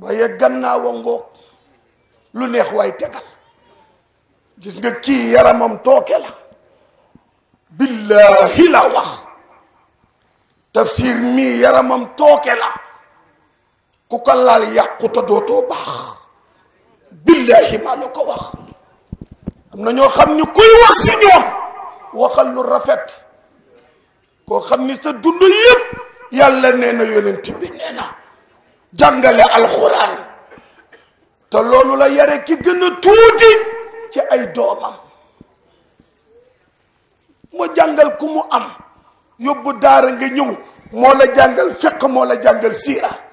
waaye gannaawa ngoog lu neex waay tegal gis nga kii yaramam tooke la billahi la wax tafsir mii yaramam tooke la ku ko laal yàquta dootoo baax billahi maa la ko wax am na ñoo xam ni kuy wax si ñoom waxal lu rafet koo xam ni sa dund yépp yàlla nee na yonent bi nee na jàngale alxuraan te loolu la yare ki gën a tuuti ci ay doomam moo jàngal ku mu am yóbbu daara nga ñëw moo la jàngal fiq moo la jàngal siira